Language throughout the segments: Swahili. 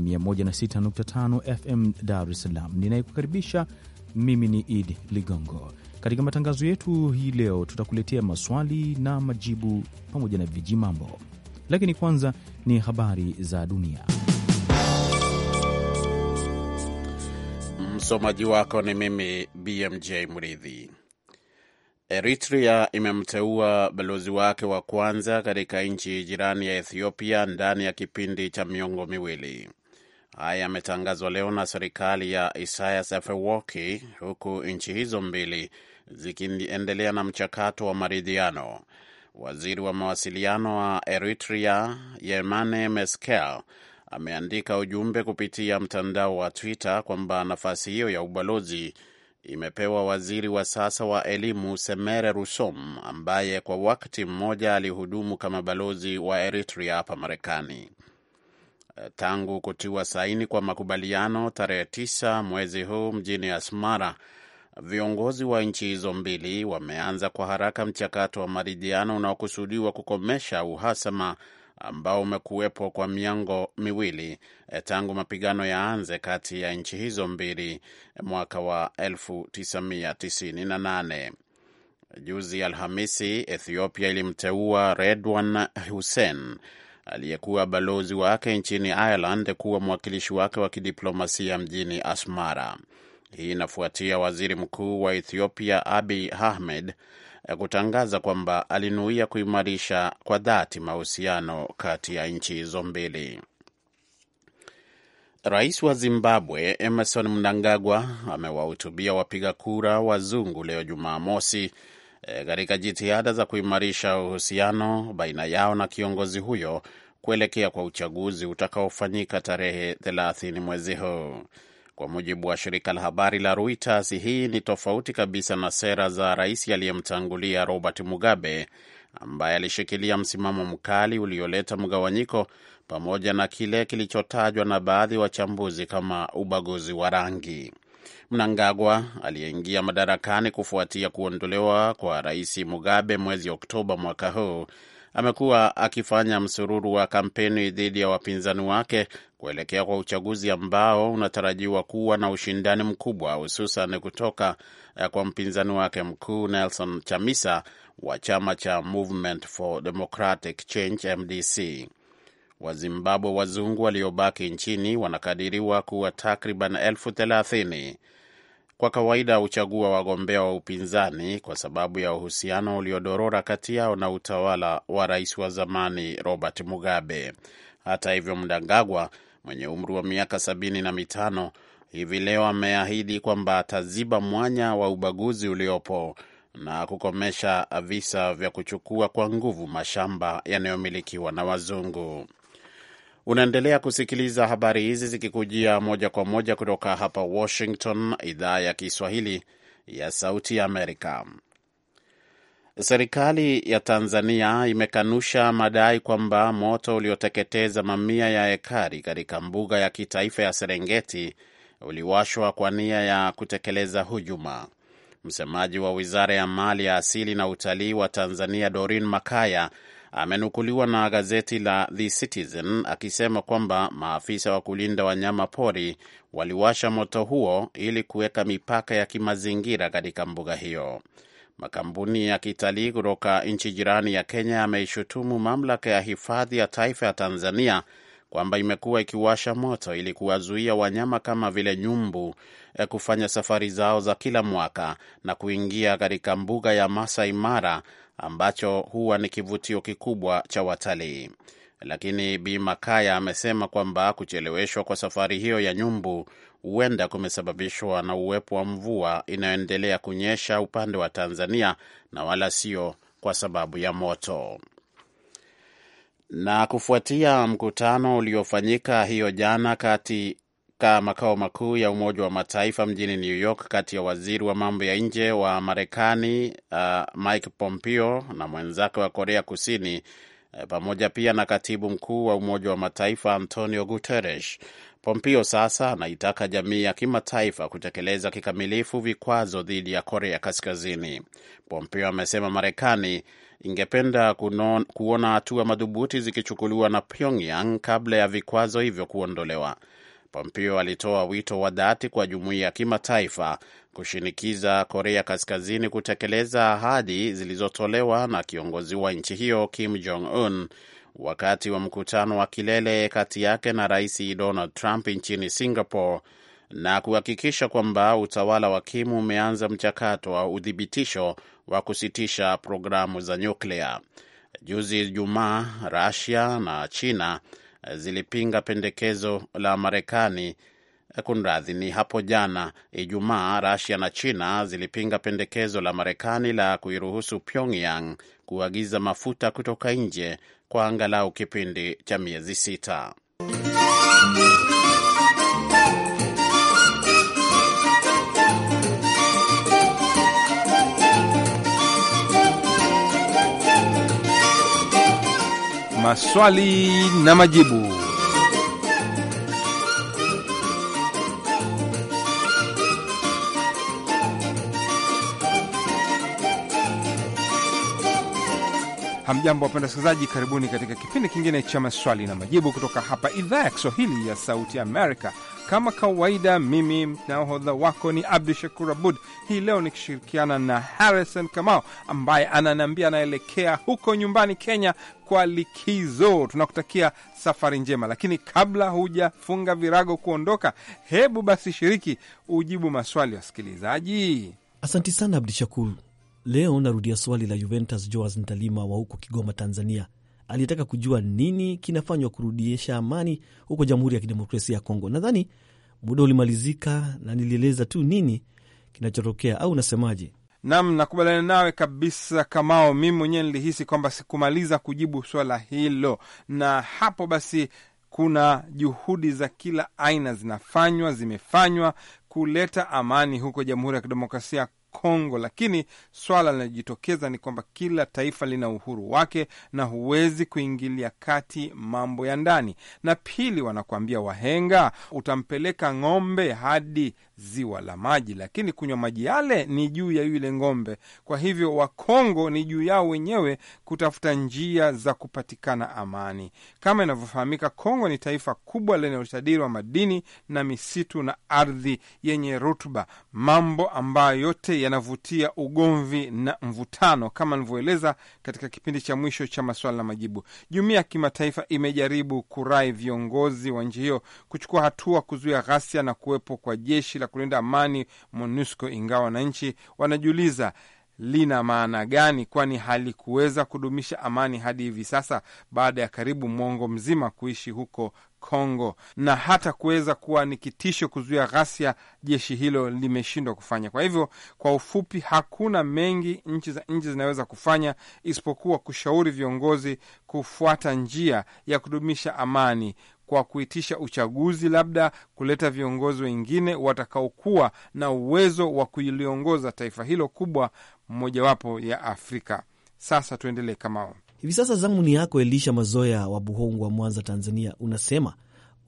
106.5 FM Dar es Salaam. Ninayekukaribisha mimi ni Idi Ligongo. Katika matangazo yetu hii leo, tutakuletea maswali na majibu pamoja na viji mambo, lakini kwanza ni habari za dunia. Msomaji wako ni mimi BMJ Mridhi. Eritrea imemteua balozi wake wa kwanza katika nchi jirani ya Ethiopia ndani ya kipindi cha miongo miwili. Haya yametangazwa leo na serikali ya Isaias Afwerki, huku nchi hizo mbili zikiendelea na mchakato wa maridhiano. Waziri wa mawasiliano wa Eritrea Yemane Meskel ameandika ujumbe kupitia mtandao wa Twitter kwamba nafasi hiyo ya ubalozi imepewa waziri wa sasa wa elimu Semere Rusom ambaye kwa wakati mmoja alihudumu kama balozi wa Eritrea hapa Marekani tangu kutiwa saini kwa makubaliano tarehe tisa mwezi huu mjini Asmara, viongozi wa nchi hizo mbili wameanza kwa haraka mchakato wa maridhiano unaokusudiwa kukomesha uhasama ambao umekuwepo kwa miongo miwili eh, tangu mapigano yaanze kati ya nchi hizo mbili eh, mwaka wa 1998. Juzi Alhamisi, Ethiopia ilimteua Redwan Hussein aliyekuwa balozi wake nchini Ireland kuwa mwakilishi wake wa kidiplomasia mjini Asmara. Hii inafuatia waziri mkuu wa Ethiopia Abiy Ahmed eh, kutangaza kwamba alinuia kuimarisha kwa dhati mahusiano kati ya nchi hizo mbili. Rais wa Zimbabwe Emerson Mnangagwa amewahutubia wapiga kura wazungu leo Jumamosi katika e, jitihada za kuimarisha uhusiano baina yao na kiongozi huyo kuelekea kwa uchaguzi utakaofanyika tarehe 30 mwezi huu. Kwa mujibu wa shirika la habari la Reuters, hii ni tofauti kabisa na sera za rais aliyemtangulia Robert Mugabe ambaye alishikilia msimamo mkali ulioleta mgawanyiko pamoja na kile kilichotajwa na baadhi ya wachambuzi kama ubaguzi wa rangi. Mnangagwa aliyeingia madarakani kufuatia kuondolewa kwa Rais Mugabe mwezi Oktoba mwaka huu amekuwa akifanya msururu wa kampeni dhidi ya wapinzani wake kuelekea kwa uchaguzi ambao unatarajiwa kuwa na ushindani mkubwa, hususan kutoka eh, kwa mpinzani wake mkuu Nelson Chamisa wa chama cha Movement for Democratic Change MDC. Wazimbabwe wazungu waliobaki nchini wanakadiriwa kuwa takriban elfu thelathini. Kwa kawaida huchagua wagombea wa upinzani kwa sababu ya uhusiano uliodorora kati yao na utawala wa rais wa zamani Robert Mugabe. Hata hivyo, Mnangagwa mwenye umri wa miaka sabini na mitano hivi leo ameahidi kwamba ataziba mwanya wa ubaguzi uliopo na kukomesha visa vya kuchukua kwa nguvu mashamba yanayomilikiwa na wazungu. Unaendelea kusikiliza habari hizi zikikujia moja kwa moja kutoka hapa Washington, idhaa ya Kiswahili ya Sauti ya Amerika. Serikali ya Tanzania imekanusha madai kwamba moto ulioteketeza mamia ya ekari katika mbuga ya kitaifa ya Serengeti uliwashwa kwa nia ya kutekeleza hujuma. Msemaji wa Wizara ya Mali ya Asili na Utalii wa Tanzania, Dorin Makaya, amenukuliwa na gazeti la The Citizen akisema kwamba maafisa wa kulinda wanyama pori waliwasha moto huo ili kuweka mipaka ya kimazingira katika mbuga hiyo. Makampuni ya kitalii kutoka nchi jirani ya Kenya yameishutumu mamlaka ya hifadhi ya taifa ya Tanzania kwamba imekuwa ikiwasha moto ili kuwazuia wanyama kama vile nyumbu eh, kufanya safari zao za kila mwaka na kuingia katika mbuga ya Masai Mara ambacho huwa ni kivutio kikubwa cha watalii. Lakini Bi Makaya amesema kwamba kucheleweshwa kwa safari hiyo ya nyumbu huenda kumesababishwa na uwepo wa mvua inayoendelea kunyesha upande wa Tanzania na wala sio kwa sababu ya moto. Na kufuatia mkutano uliofanyika hiyo jana kati katika makao makuu ya Umoja wa Mataifa mjini New York kati ya waziri wa mambo ya nje wa Marekani uh, Mike Pompeo na mwenzake wa Korea Kusini uh, pamoja pia na katibu mkuu wa Umoja wa Mataifa Antonio Guterres. Pompeo sasa anaitaka jamii ya kimataifa kutekeleza kikamilifu vikwazo dhidi ya Korea Kaskazini. Pompeo amesema Marekani ingependa kuno, kuona hatua madhubuti zikichukuliwa na Pyongyang kabla ya vikwazo hivyo kuondolewa. Pompeo alitoa wito wa dhati kwa jumuiya ya kimataifa kushinikiza Korea Kaskazini kutekeleza ahadi zilizotolewa na kiongozi wa nchi hiyo Kim Jong Un wakati wa mkutano wa kilele kati yake na Rais Donald Trump nchini Singapore na kuhakikisha kwamba utawala wa Kim umeanza mchakato wa uthibitisho wa kusitisha programu za nyuklia. Juzi Ijumaa, rasia na China zilipinga pendekezo la Marekani. Eh, kunradhi, ni hapo jana Ijumaa, Rasia na China zilipinga pendekezo la Marekani la kuiruhusu Pyongyang kuagiza mafuta kutoka nje kwa angalau kipindi cha miezi sita. maswali na majibu. Hamjambo, wapenda wasikilizaji, karibuni katika kipindi kingine cha maswali na majibu kutoka hapa idhaa ya Kiswahili ya Sauti Amerika. Kama kawaida, mimi naohodha wako ni Abdu Shakur Abud, hii leo nikishirikiana na Harrison Kamau ambaye ananiambia anaelekea huko nyumbani Kenya kwa likizo. Tunakutakia safari njema, lakini kabla hujafunga virago kuondoka, hebu basi shiriki ujibu maswali ya wasikilizaji. Asanti sana Abdu Shakur. Leo narudia swali la Juventus Joas Ntalima wa huko Kigoma, Tanzania. aliyetaka kujua nini kinafanywa kurudisha amani huko Jamhuri ya Kidemokrasia ya Kongo. Nadhani muda ulimalizika na nilieleza tu nini kinachotokea, au unasemaje? Nam, nakubaliana nawe kabisa Kamao. Mimi mwenyewe nilihisi kwamba sikumaliza kujibu swala hilo, na hapo basi kuna juhudi za kila aina zinafanywa, zimefanywa kuleta amani huko Jamhuri ya Kidemokrasia ya Kongo, lakini swala linajitokeza ni kwamba kila taifa lina uhuru wake na huwezi kuingilia kati mambo ya ndani. Na pili, wanakuambia wahenga, utampeleka ng'ombe hadi ziwa la maji, lakini kunywa maji yale ni juu ya yule ng'ombe. Kwa hivyo Wakongo ni juu yao wenyewe kutafuta njia za kupatikana amani. Kama inavyofahamika, Kongo ni taifa kubwa lenye utajiri wa madini na misitu na ardhi yenye rutuba, mambo ambayo yote yanavutia ugomvi na mvutano, kama nilivyoeleza katika kipindi cha mwisho cha maswala na majibu. Jumuiya ya kimataifa imejaribu kurai viongozi wa nchi hiyo kuchukua hatua kuzuia ghasia na kuwepo kwa jeshi la kulinda amani MONUSCO, ingawa wananchi wanajiuliza lina maana gani, kwani halikuweza kudumisha amani hadi hivi sasa baada ya karibu mwongo mzima kuishi huko Kongo na hata kuweza kuwa ni kitisho kuzuia ghasia, jeshi hilo limeshindwa kufanya. Kwa hivyo, kwa ufupi, hakuna mengi nchi za nchi zinaweza kufanya isipokuwa kushauri viongozi kufuata njia ya kudumisha amani, kwa kuitisha uchaguzi, labda kuleta viongozi wengine watakaokuwa na uwezo wa kuliongoza taifa hilo kubwa, mojawapo ya Afrika. Sasa tuendelee. Kamao, hivi sasa zamu ni yako. Elisha Mazoya wa Buhongwa, Mwanza, Tanzania, unasema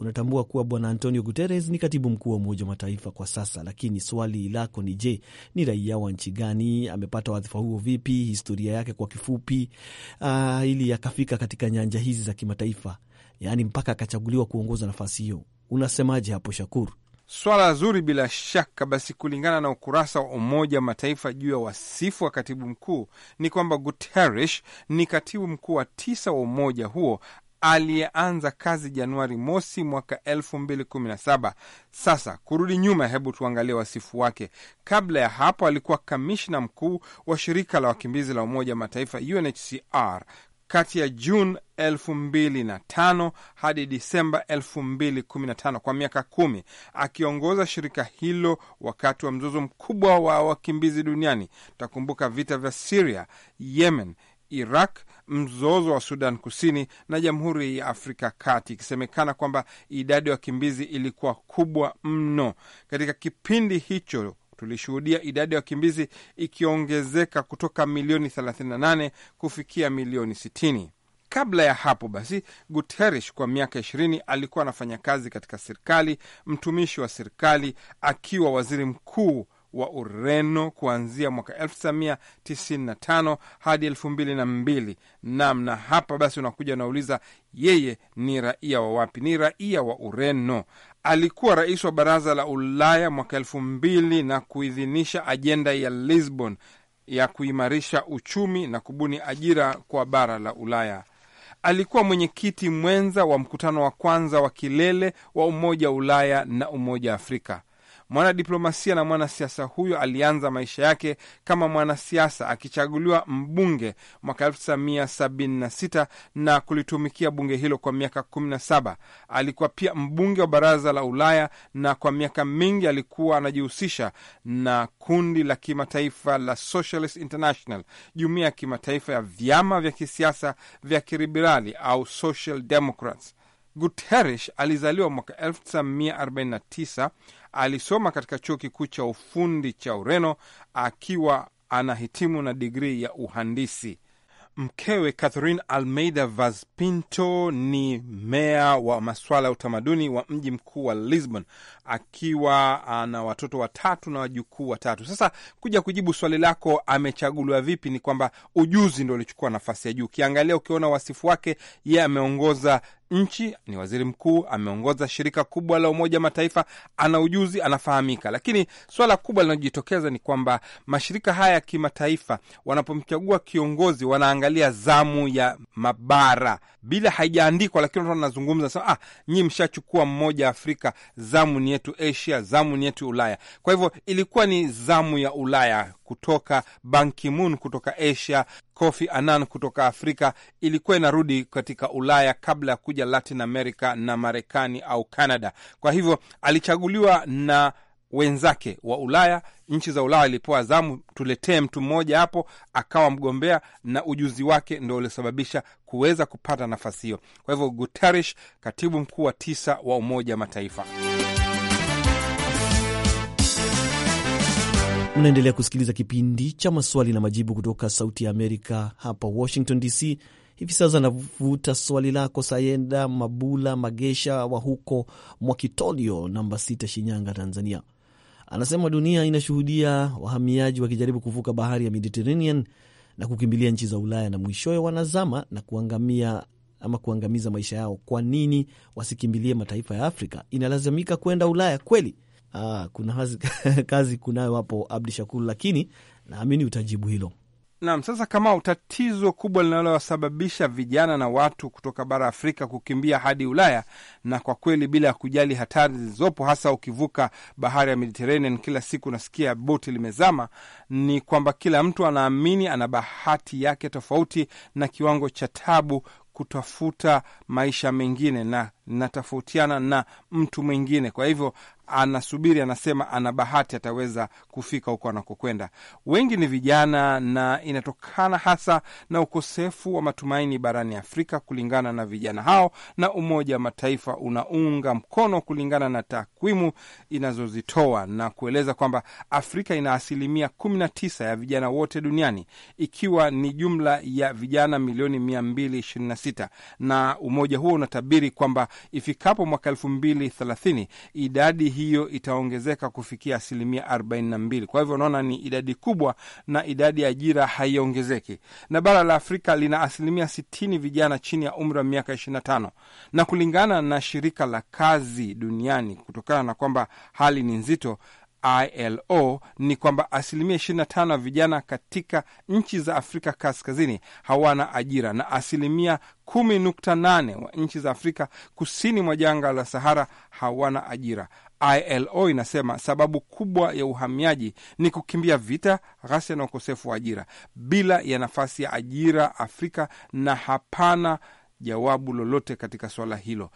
Unatambua kuwa bwana Antonio Guterres ni katibu mkuu wa Umoja wa Mataifa kwa sasa, lakini swali lako ni je, ni raia wa nchi gani? Amepata wadhifa huo vipi? Historia yake kwa kifupi, uh, ili akafika katika nyanja hizi za kimataifa, yaani mpaka akachaguliwa kuongoza nafasi hiyo. Unasemaje hapo Shakur? Swala zuri bila shaka. Basi, kulingana na ukurasa wa Umoja wa Mataifa juu ya wasifu wa katibu mkuu ni kwamba Guterres ni katibu mkuu wa tisa wa umoja huo aliyeanza kazi Januari mosi mwaka saba. Sasa kurudi nyuma, hebu tuangalie wasifu wake. Kabla ya hapo, alikuwa kamishna mkuu wa shirika la wakimbizi la Umoja wa Mataifa, UNHCR kati ya Juni tano hadi Disemba tano kwa miaka kumi akiongoza shirika hilo wakati wa mzozo mkubwa wa wakimbizi duniani. Takumbuka vita vya Siria, Yemen, Iraq mzozo wa Sudan Kusini na Jamhuri ya Afrika Kati, ikisemekana kwamba idadi ya wakimbizi ilikuwa kubwa mno katika kipindi hicho. Tulishuhudia idadi ya wakimbizi ikiongezeka kutoka milioni 38 kufikia milioni 60. Kabla ya hapo basi, Guterres kwa miaka ishirini alikuwa anafanya kazi katika serikali, mtumishi wa serikali, akiwa waziri mkuu wa Ureno kuanzia mwaka 1995 hadi 2002. Nam, na hapa basi unakuja unauliza, yeye ni raia wa wapi? Ni raia wa Ureno. Alikuwa rais wa baraza la Ulaya mwaka elfu na kuidhinisha ajenda ya Lisbon ya kuimarisha uchumi na kubuni ajira kwa bara la Ulaya. Alikuwa mwenyekiti mwenza wa mkutano wa kwanza wa kilele wa Umoja wa Ulaya na Umoja wa Afrika. Mwanadiplomasia na mwanasiasa huyo alianza maisha yake kama mwanasiasa akichaguliwa mbunge mwaka 1976 na kulitumikia bunge hilo kwa miaka 17. Alikuwa pia mbunge wa baraza la Ulaya na kwa miaka mingi alikuwa anajihusisha na kundi la kimataifa la Socialist International, jumuiya ya kimataifa ya vyama vya kisiasa vya kiliberali au Social Democrats. Guterres alizaliwa mwaka 1949 Alisoma katika chuo kikuu cha ufundi cha Ureno akiwa anahitimu na digrii ya uhandisi. Mkewe Catherine Almeida Vaz Pinto ni meya wa masuala ya utamaduni wa mji mkuu wa Lisbon, akiwa ana watoto watatu na wajukuu watatu. Sasa kuja kujibu swali lako, amechaguliwa vipi, ni kwamba ujuzi ndo ulichukua nafasi ya juu. Ukiangalia ukiona wasifu wake, yeye ameongoza nchi, ni waziri mkuu, ameongoza shirika kubwa la Umoja Mataifa, ana ujuzi, anafahamika. Lakini swala kubwa linalojitokeza ni kwamba mashirika haya ya kimataifa wanapomchagua kiongozi, wanaangalia zamu ya mabara bila haijaandikwa, lakini watu wanazungumza sema, ah, nyi mshachukua mmoja Afrika, zamu ni yetu Asia, zamu ni yetu Ulaya. Kwa hivyo ilikuwa ni zamu ya Ulaya kutoka Ban Ki-moon kutoka Asia, Kofi Annan kutoka Afrika, ilikuwa inarudi katika Ulaya kabla ya kuja Latin America na Marekani au Canada. Kwa hivyo alichaguliwa na wenzake wa Ulaya, nchi za Ulaya walipewa zamu, tuletee mtu mmoja hapo, akawa mgombea na ujuzi wake ndo uliosababisha kuweza kupata nafasi hiyo. Kwa hivyo, Guterres, katibu mkuu wa tisa wa Umoja Mataifa. Unaendelea kusikiliza kipindi cha maswali na majibu kutoka Sauti ya Amerika hapa Washington DC. Hivi sasa navuta swali lako Sayenda Mabula Magesha wa huko Mwakitolio namba 6, Shinyanga, Tanzania. Anasema dunia inashuhudia wahamiaji wakijaribu kuvuka bahari ya Mediterranean na kukimbilia nchi za Ulaya na mwishowe wanazama na kuangamia ama kuangamiza maisha yao. Kwa nini wasikimbilie mataifa ya Afrika? Inalazimika kwenda Ulaya kweli? Aa, ah, kuna hazi, kazi kunayo hapo Abdi shakuru lakini naamini utajibu hilo. Nam, sasa kama tatizo kubwa linalowasababisha vijana na watu kutoka bara Afrika kukimbia hadi Ulaya, na kwa kweli bila ya kujali hatari zilizopo, hasa ukivuka bahari ya Mediterranean, kila siku unasikia boti limezama, ni kwamba kila mtu anaamini ana bahati yake tofauti na kiwango cha tabu kutafuta maisha mengine na natofautiana na mtu mwingine. Kwa hivyo anasubiri, anasema ana bahati ataweza kufika huko anakokwenda. Wengi ni vijana, na inatokana hasa na ukosefu wa matumaini barani Afrika, kulingana na vijana hao, na Umoja wa Mataifa unaunga mkono kulingana na takwimu inazozitoa na kueleza kwamba Afrika ina asilimia tisa ya vijana wote duniani, ikiwa ni jumla ya vijana milioni sita na umoja huo unatabiri kwamba ifikapo mwaka thelathini idadi hiyo itaongezeka kufikia asilimia mbili. Kwa hivyo unaona ni idadi kubwa, na idadi ya ajira haiongezeki. Na bara la Afrika lina asilimia sitini vijana chini ya umri wa miaka tano na kulingana na shirika la kazi duniani, kutokana na kwamba hali ni nzito ILO ni kwamba asilimia 25 ya vijana katika nchi za Afrika kaskazini hawana ajira na asilimia 10.8 wa nchi za Afrika kusini mwa jangwa la Sahara hawana ajira. ILO inasema sababu kubwa ya uhamiaji ni kukimbia vita, ghasia na ukosefu wa ajira, bila ya nafasi ya ajira Afrika, na hapana jawabu lolote katika suala hilo.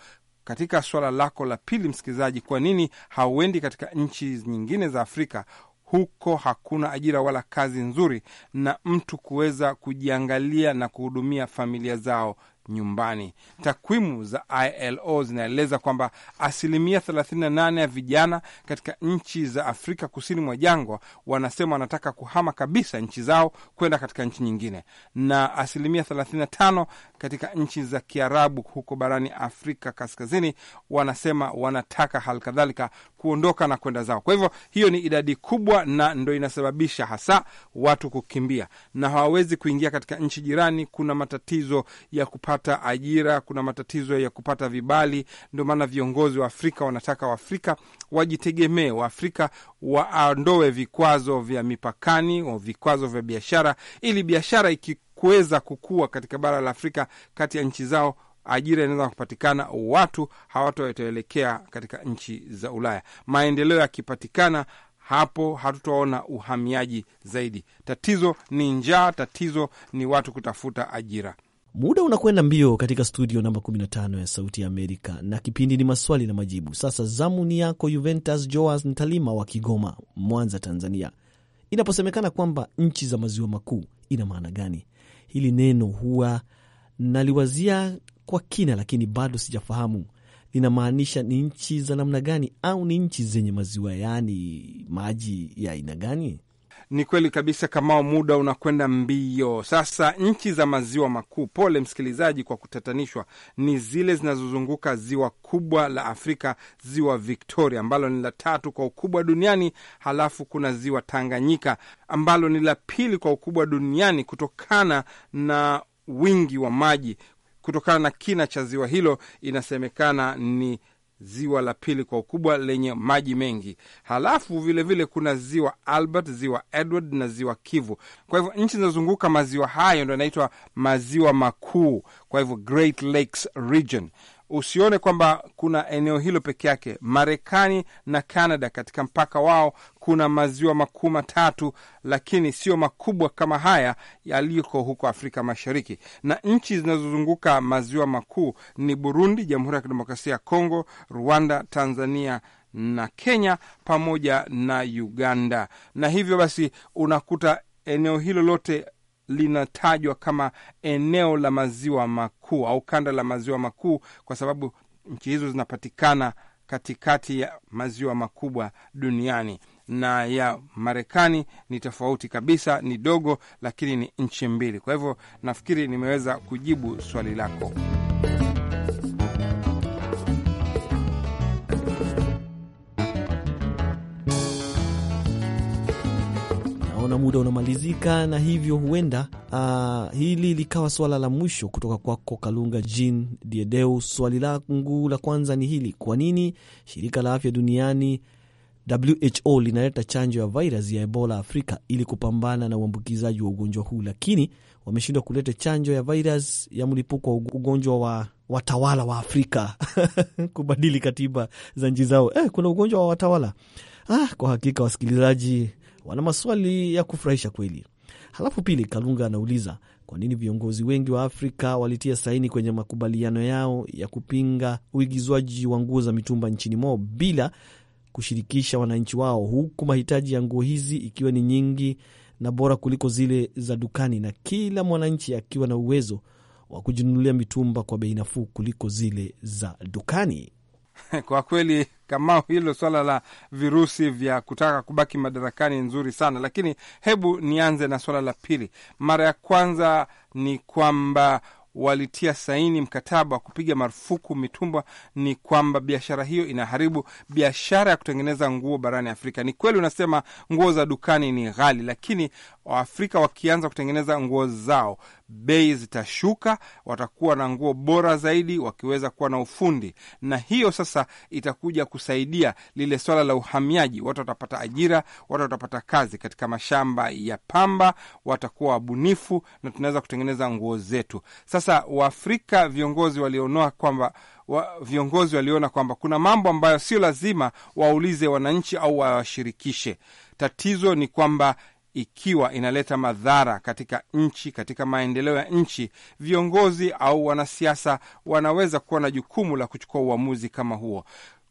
Katika suala lako la pili, msikilizaji, kwa nini hauendi katika nchi nyingine za Afrika? Huko hakuna ajira wala kazi nzuri na mtu kuweza kujiangalia na kuhudumia familia zao nyumbani. Takwimu za ILO zinaeleza kwamba asilimia 38 ya vijana katika nchi za Afrika kusini mwa jangwa wanasema wanataka kuhama kabisa nchi zao kwenda katika nchi nyingine, na asilimia 35 katika nchi za Kiarabu huko barani Afrika kaskazini wanasema wanataka hali kadhalika kuondoka na kwenda zao. Kwa hivyo hiyo ni idadi kubwa, na ndo inasababisha hasa watu kukimbia, na hawawezi kuingia katika nchi jirani. Kuna matatizo ya kupata kupata ajira, kuna matatizo ya kupata vibali. Ndio maana viongozi wa Afrika wanataka Waafrika wajitegemee, Waafrika waondoe vikwazo vya mipakani, vikwazo vya biashara, ili biashara ikikuweza kukua katika bara la Afrika kati ya nchi zao ajira inaweza kupatikana, watu hawataelekea katika nchi za Ulaya. Maendeleo yakipatikana hapo, hatutaona uhamiaji zaidi. Tatizo ni njaa, tatizo ni watu kutafuta ajira. Muda unakwenda mbio katika studio namba 15 ya Sauti ya Amerika, na kipindi ni maswali na majibu. Sasa zamu ni yako Juventus Joas Ntalima wa Kigoma, Mwanza, Tanzania. Inaposemekana kwamba nchi za maziwa makuu, ina maana gani? Hili neno huwa naliwazia kwa kina, lakini bado sijafahamu linamaanisha ni nchi za namna gani, au ni nchi zenye maziwa, yaani maji ya aina gani? Ni kweli kabisa, Kamao, muda unakwenda mbio. Sasa nchi za maziwa makuu, pole msikilizaji kwa kutatanishwa, ni zile zinazozunguka ziwa kubwa la Afrika, ziwa Victoria ambalo ni la tatu kwa ukubwa duniani, halafu kuna ziwa Tanganyika ambalo ni la pili kwa ukubwa duniani kutokana na wingi wa maji. Kutokana na kina cha ziwa hilo, inasemekana ni ziwa la pili kwa ukubwa lenye maji mengi. Halafu vilevile vile kuna ziwa Albert, ziwa Edward na ziwa Kivu. Kwa hivyo nchi zinazozunguka maziwa hayo ndo yanaitwa maziwa makuu, kwa hivyo Great Lakes Region usione kwamba kuna eneo hilo peke yake. Marekani na Kanada katika mpaka wao kuna maziwa makuu matatu, lakini sio makubwa kama haya yaliko huko Afrika Mashariki. Na nchi zinazozunguka maziwa makuu ni Burundi, Jamhuri ya Kidemokrasia ya Kongo, Rwanda, Tanzania na Kenya pamoja na Uganda. Na hivyo basi unakuta eneo hilo lote linatajwa kama eneo la maziwa makuu au kanda la maziwa makuu kwa sababu nchi hizo zinapatikana katikati ya maziwa makubwa duniani na ya Marekani ni tofauti kabisa, ni dogo, lakini ni nchi mbili. Kwa hivyo nafikiri nimeweza kujibu swali lako. naona muda unamalizika, na hivyo huenda uh, hili likawa swala la mwisho kutoka kwako Kalunga Jean Diedeu. Swali langu la kwanza ni hili: kwa nini shirika la afya duniani WHO linaleta chanjo ya virus ya Ebola Afrika ili kupambana na uambukizaji wa ugonjwa huu, lakini wameshindwa kuleta chanjo ya virus ya mlipuko wa ugonjwa wa watawala wa Afrika kubadili katiba za nchi zao. Eh, kuna ugonjwa wa watawala. Ah, kwa hakika wasikilizaji, wana maswali ya kufurahisha kweli. Halafu pili, Kalunga anauliza kwa nini viongozi wengi wa Afrika walitia saini kwenye makubaliano yao ya kupinga uigizwaji wa nguo za mitumba nchini mwao bila kushirikisha wananchi wao, huku mahitaji ya nguo hizi ikiwa ni nyingi na bora kuliko zile za dukani, na kila mwananchi akiwa na uwezo wa kujinunulia mitumba kwa bei nafuu kuliko zile za dukani. Kwa kweli kama hilo swala la virusi vya kutaka kubaki madarakani nzuri sana, lakini hebu nianze na swala la pili. Mara ya kwanza ni kwamba walitia saini mkataba wa kupiga marufuku mitumba, ni kwamba biashara hiyo inaharibu biashara ya kutengeneza nguo barani Afrika. Ni kweli unasema nguo za dukani ni ghali, lakini Waafrika wakianza kutengeneza nguo zao bei zitashuka, watakuwa na nguo bora zaidi, wakiweza kuwa na ufundi, na hiyo sasa itakuja kusaidia lile swala la uhamiaji. Watu watapata ajira, watu watapata kazi katika mashamba ya pamba, watakuwa wabunifu na tunaweza kutengeneza nguo zetu. Sasa Waafrika viongozi walionoa kwamba wa, viongozi waliona kwamba kuna mambo ambayo sio lazima waulize wananchi au wawashirikishe. Tatizo ni kwamba ikiwa inaleta madhara katika nchi, katika maendeleo ya nchi, viongozi au wanasiasa wanaweza kuwa na jukumu la kuchukua uamuzi kama huo.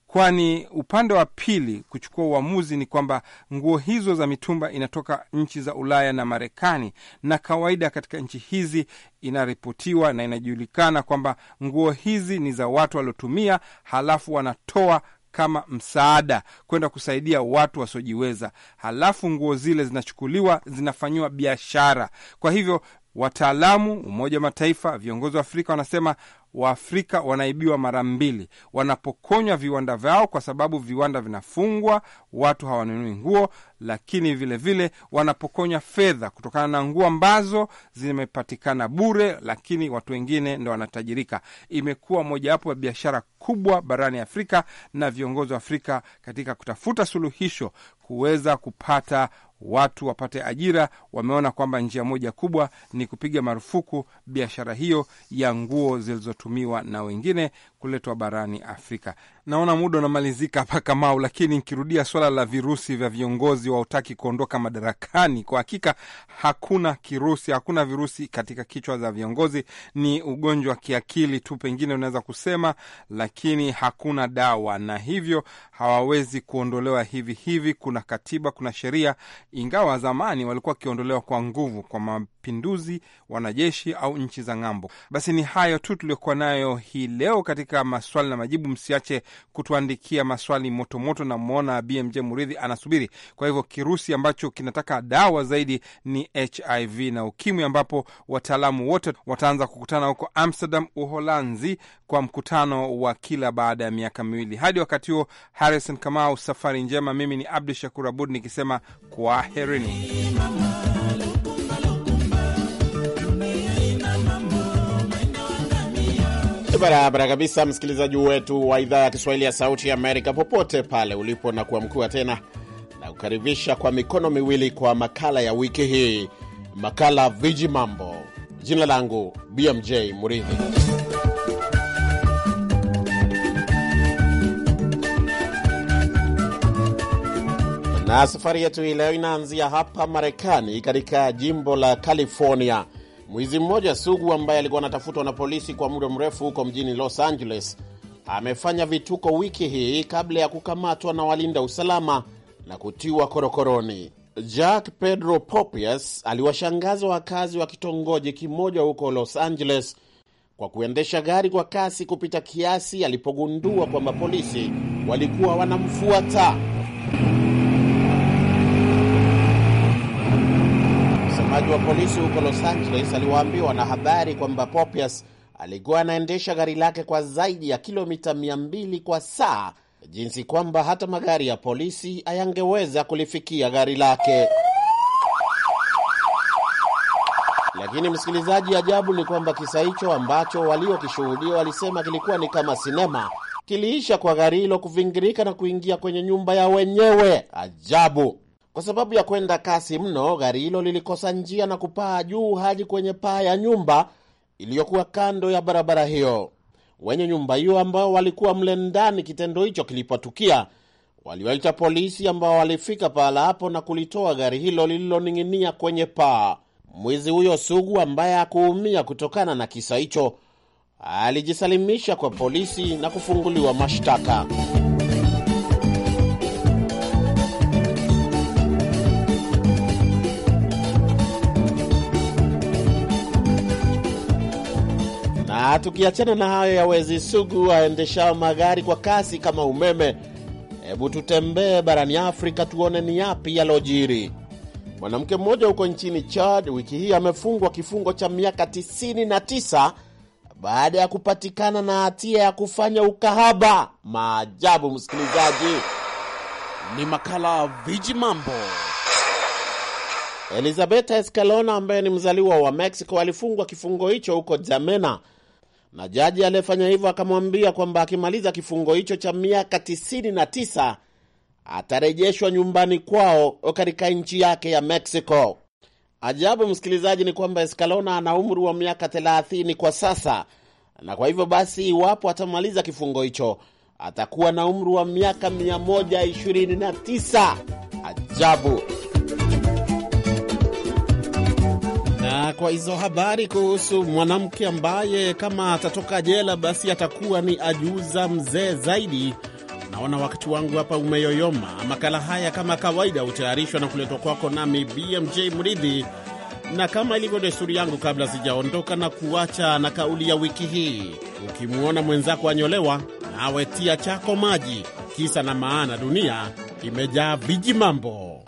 Kwani upande wa pili kuchukua uamuzi ni kwamba nguo hizo za mitumba inatoka nchi za Ulaya na Marekani, na kawaida katika nchi hizi inaripotiwa na inajulikana kwamba nguo hizi ni za watu waliotumia, halafu wanatoa kama msaada kwenda kusaidia watu wasiojiweza. Halafu nguo zile zinachukuliwa zinafanyiwa biashara. Kwa hivyo Wataalamu Umoja wa Mataifa, viongozi wa Afrika wanasema Waafrika wanaibiwa mara mbili, wanapokonywa viwanda vyao kwa sababu viwanda vinafungwa, watu hawanunui nguo, lakini vilevile wanapokonywa fedha kutokana na nguo ambazo zimepatikana bure, lakini watu wengine ndo wanatajirika. Imekuwa mojawapo ya biashara kubwa barani Afrika, na viongozi wa Afrika katika kutafuta suluhisho kuweza kupata watu wapate ajira, wameona kwamba njia moja kubwa ni kupiga marufuku biashara hiyo ya nguo zilizotumiwa na wengine kuletwa barani Afrika. Naona muda unamalizika hapa Kamau, lakini nikirudia swala la virusi vya viongozi waotaki kuondoka madarakani, kwa hakika hakuna kirusi, hakuna virusi katika kichwa za viongozi, ni ugonjwa wa kiakili tu, pengine unaweza kusema, lakini hakuna dawa na hivyo hawawezi kuondolewa hivi hivi. Kuna katiba, kuna sheria ingawa zamani walikuwa wakiondolewa kwa nguvu kwa ma mapinduzi, wanajeshi au nchi za ng'ambo. Basi ni hayo tu tuliokuwa nayo hii leo katika maswali na majibu. Msiache kutuandikia maswali motomoto, na mwona BMJ Muridhi anasubiri. Kwa hivyo kirusi ambacho kinataka dawa zaidi ni HIV na UKIMWI, ambapo wataalamu wote wataanza kukutana huko Amsterdam, Uholanzi, kwa mkutano wa kila baada ya miaka miwili. Hadi wakati huo, Harrison Kamau, safari njema. Mimi ni Abdu Shakur Abud nikisema kwaherini. barabara kabisa, msikilizaji wetu wa idhaa ya Kiswahili ya Sauti Amerika, popote pale ulipo, na kuamkiwa tena na kukaribisha kwa mikono miwili kwa makala ya wiki hii, makala Viji Mambo. Jina langu BMJ Muridhi. Na safari yetu hii leo inaanzia hapa Marekani, katika jimbo la California Mwizi mmoja sugu ambaye alikuwa anatafutwa na polisi kwa muda mrefu huko mjini Los Angeles amefanya vituko wiki hii kabla ya kukamatwa na walinda usalama na kutiwa korokoroni. Jack Pedro Popius aliwashangaza wakazi wa kitongoji kimoja huko Los Angeles kwa kuendesha gari kwa kasi kupita kiasi alipogundua kwamba polisi walikuwa wanamfuata. Msemaji wa polisi huko Los Angeles aliwaambia wanahabari kwamba Popius alikuwa anaendesha gari lake kwa zaidi ya kilomita 200 kwa saa, jinsi kwamba hata magari ya polisi hayangeweza kulifikia gari lake. Lakini msikilizaji, ajabu ni kwamba kisa hicho ambacho waliokishuhudia walisema kilikuwa ni kama sinema kiliisha kwa gari hilo kuvingirika na kuingia kwenye nyumba ya wenyewe. Ajabu. Kwa sababu ya kwenda kasi mno, gari hilo lilikosa njia na kupaa juu hadi kwenye paa ya nyumba iliyokuwa kando ya barabara hiyo. Wenye nyumba hiyo ambao walikuwa mle ndani kitendo hicho kilipotukia, waliwaita polisi ambao walifika pahala hapo na kulitoa gari hilo lililoning'inia kwenye paa. Mwizi huyo sugu ambaye hakuumia kutokana na kisa hicho alijisalimisha kwa polisi na kufunguliwa mashtaka. tukiachana na hayo ya wezi sugu waendeshao magari kwa kasi kama umeme, hebu tutembee barani Afrika tuone ni yapi yalojiri. Mwanamke mmoja huko nchini Chad wiki hii amefungwa kifungo cha miaka 99 baada ya kupatikana na hatia ya kufanya ukahaba. Maajabu, msikilizaji, ni makala Viji Mambo. Elizabeth Escalona ambaye ni mzaliwa wa Mexico alifungwa kifungo hicho huko Jamena na jaji aliyefanya hivyo akamwambia kwamba akimaliza kifungo hicho cha miaka 99 atarejeshwa nyumbani kwao katika nchi yake ya Mexico. Ajabu msikilizaji, ni kwamba Escalona ana umri wa miaka 30 kwa sasa, na kwa hivyo basi, iwapo atamaliza kifungo hicho atakuwa na umri wa miaka 129. Ajabu. kwa hizo habari kuhusu mwanamke ambaye kama atatoka jela basi atakuwa ni ajuza mzee zaidi. Naona wakati wangu hapa umeyoyoma. Makala haya kama kawaida hutayarishwa na kuletwa kwako nami BMJ Mridhi, na kama ilivyo desturi yangu, kabla sijaondoka na kuacha na kauli ya wiki hii, ukimwona mwenzako anyolewa, nawe tia chako maji. Kisa na maana, dunia imejaa viji mambo. Oh,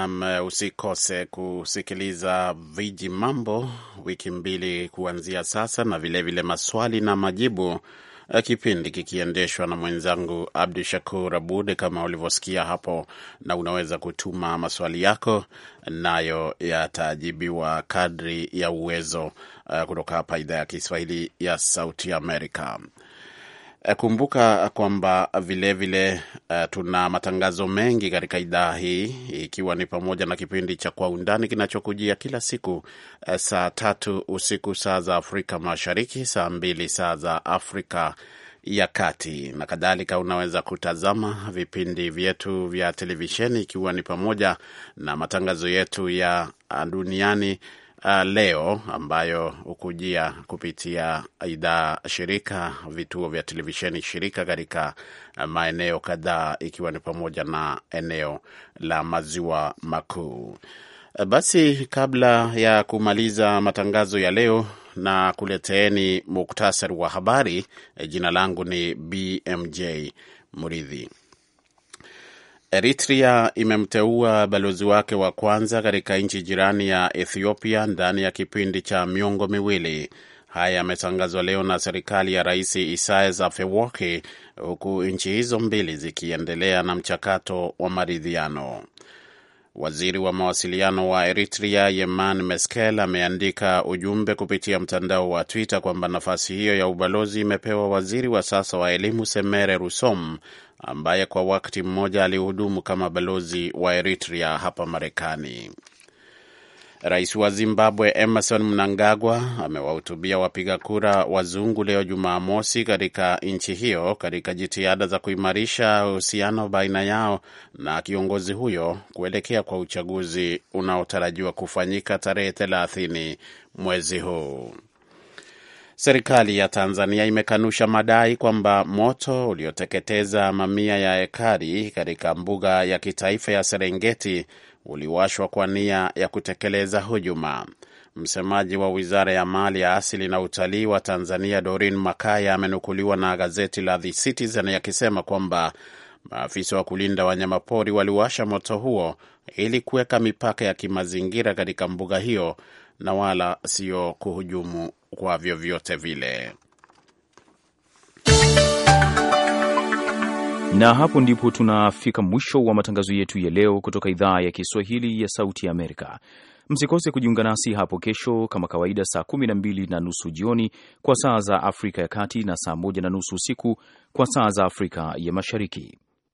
Naam, eh, usikose kusikiliza viji mambo wiki mbili kuanzia sasa, na vilevile vile maswali na majibu, eh, kipindi kikiendeshwa na mwenzangu Abdu Shakur Abud, kama ulivyosikia hapo, na unaweza kutuma maswali yako nayo yatajibiwa kadri ya uwezo, eh, kutoka hapa idhaa ya Kiswahili ya Sauti Amerika. Eh, kumbuka kwamba vilevile uh, eh, tuna matangazo mengi katika idhaa hii ikiwa ni pamoja na kipindi cha Kwa Undani kinachokujia kila siku uh, saa tatu usiku saa za Afrika Mashariki, saa mbili saa za Afrika ya Kati na kadhalika. Unaweza kutazama vipindi vyetu vya televisheni ikiwa ni pamoja na matangazo yetu ya duniani uh, leo ambayo hukujia kupitia idhaa shirika, vituo vya televisheni shirika katika uh, maeneo kadhaa ikiwa ni pamoja na eneo la maziwa makuu. Uh, basi kabla ya kumaliza matangazo ya leo na kuleteeni muktasari wa habari, eh, jina langu ni BMJ Muridhi. Eritrea imemteua balozi wake wa kwanza katika nchi jirani ya Ethiopia ndani ya kipindi cha miongo miwili. Haya yametangazwa leo na serikali ya Rais Isaias Afwerki, huku nchi hizo mbili zikiendelea na mchakato wa maridhiano. Waziri wa mawasiliano wa Eritrea Yeman Meskel ameandika ujumbe kupitia mtandao wa Twitter kwamba nafasi hiyo ya ubalozi imepewa waziri wa sasa wa elimu Semere Rusom ambaye kwa wakati mmoja alihudumu kama balozi wa Eritrea hapa Marekani. Rais wa Zimbabwe Emerson Mnangagwa amewahutubia wapiga kura wazungu leo Jumamosi katika nchi hiyo katika jitihada za kuimarisha uhusiano baina yao na kiongozi huyo kuelekea kwa uchaguzi unaotarajiwa kufanyika tarehe 30 mwezi huu. Serikali ya Tanzania imekanusha madai kwamba moto ulioteketeza mamia ya ekari katika mbuga ya kitaifa ya Serengeti uliwashwa kwa nia ya kutekeleza hujuma. Msemaji wa wizara ya mali ya asili na utalii wa Tanzania, Dorin Makaya, amenukuliwa na gazeti la The Citizen yakisema kwamba maafisa wa kulinda wanyamapori waliwasha moto huo ili kuweka mipaka ya kimazingira katika mbuga hiyo na wala sio kuhujumu kwa vyovyote vile. Na hapo ndipo tunafika mwisho wa matangazo yetu ya leo kutoka idhaa ya Kiswahili ya Sauti ya Amerika. Msikose kujiunga nasi hapo kesho kama kawaida, saa kumi na mbili na nusu jioni kwa saa za Afrika ya Kati na saa moja na nusu usiku kwa saa za Afrika ya Mashariki.